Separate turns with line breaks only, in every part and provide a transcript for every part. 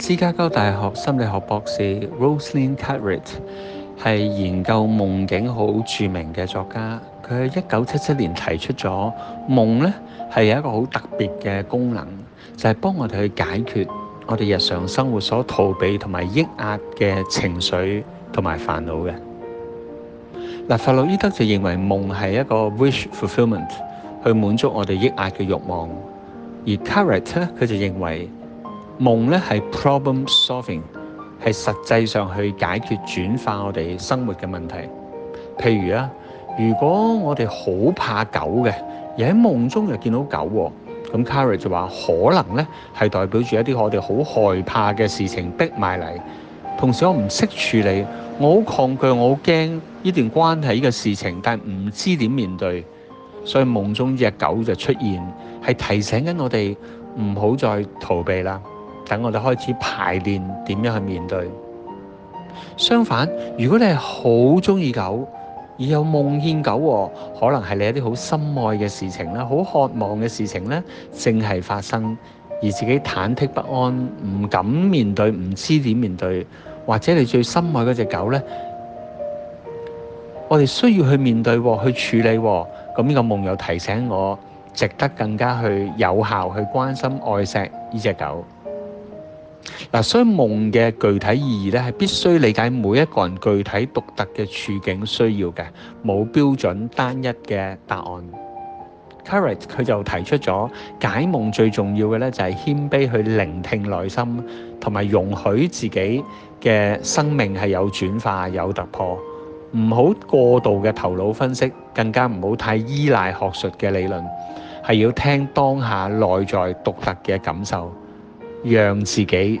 芝加哥大學心理學博士 Rosalind Cartwright 係研究夢境好著名嘅作家。佢喺一九七七年提出咗夢咧係有一個好特別嘅功能，就係、是、幫我哋去解決我哋日常生活所逃避同埋抑壓嘅情緒同埋煩惱嘅。嗱，弗洛伊德就認為夢係一個 wish fulfillment，去滿足我哋抑壓嘅欲望。而 Cartwright 咧，佢就認為。夢咧係 problem solving，係實際上去解決、轉化我哋生活嘅問題。譬如啊，如果我哋好怕狗嘅，而喺夢中又見到狗喎，咁 Cartwright 就話：可能咧係代表住一啲我哋好害怕嘅事情逼埋嚟，同時我唔識處理，我好抗拒，我好驚呢段關係嘅事情，但係唔知點面對，所以夢中隻狗就出現，係提醒緊我哋唔好再逃避啦。等我哋開始排練點樣去面對。相反，如果你係好中意狗，而有夢見狗，可能係你一啲好深愛嘅事情咧，好渴望嘅事情咧，正係發生，而自己忐忑不安，唔敢面對，唔知點面對，或者你最深愛嗰隻狗咧，我哋需要去面對喎，去處理喎。咁呢個夢又提醒我，值得更加去有效去關心愛惜呢隻狗。嗱，所以夢嘅具體意義咧，係必須理解每一個人具體獨特嘅處境需要嘅，冇標準單一嘅答案。Cartwright 佢就提出咗解夢最重要嘅咧，就係謙卑去聆聽內心，同埋容許自己嘅生命係有轉化、有突破，唔好過度嘅頭腦分析，更加唔好太依賴學術嘅理論，係要聽當下內在獨特嘅感受，讓自己，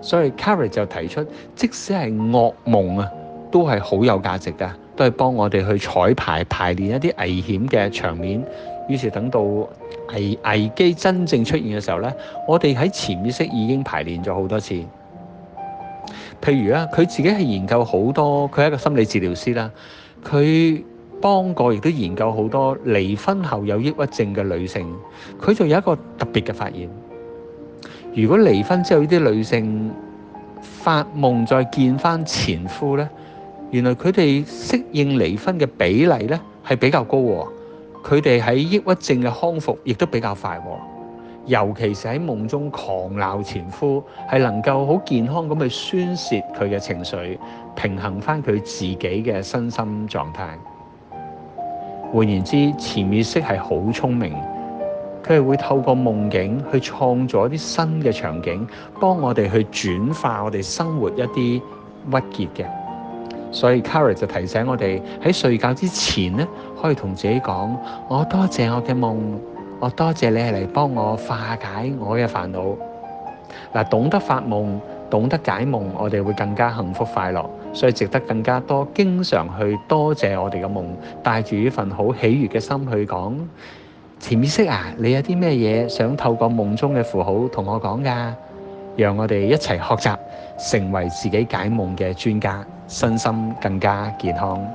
所以 Cartwright 就提出，即使係噩夢啊，都係好有價值嘅，都係幫我哋去彩排排練一啲危險嘅場面。於是等到危危機真正出現嘅時候咧，我哋喺潛意識已經排練咗好多次。譬如啊，佢自己係研究好多，佢係一個心理治療師啦，佢幫過亦都研究好多離婚後有抑鬱症嘅女性，佢仲有一個特別嘅發現。如果離婚之後呢啲女性發夢再見翻前夫呢，原來佢哋適應離婚嘅比例呢係比較高喎，佢哋喺抑鬱症嘅康復亦都比較快喎，尤其是喺夢中狂鬧前夫，係能夠好健康咁去宣洩佢嘅情緒，平衡翻佢自己嘅身心狀態。換言之，潛意識係好聰明。佢哋會透過夢境去創造一啲新嘅場景，幫我哋去轉化我哋生活一啲鬱結嘅。所以 Cartwright 就提醒我哋喺睡覺之前咧，可以同自己講：我多謝我嘅夢，我多謝你係嚟幫我化解我嘅煩惱。嗱，懂得發夢，懂得解夢，我哋會更加幸福快樂，所以值得更加多經常去多謝我哋嘅夢，帶住呢份好喜悅嘅心去講。潛意識啊，你有啲咩嘢想透過夢中嘅符號同我講㗎？讓我哋一齊學習成為自己解夢嘅專家，身心更加健康。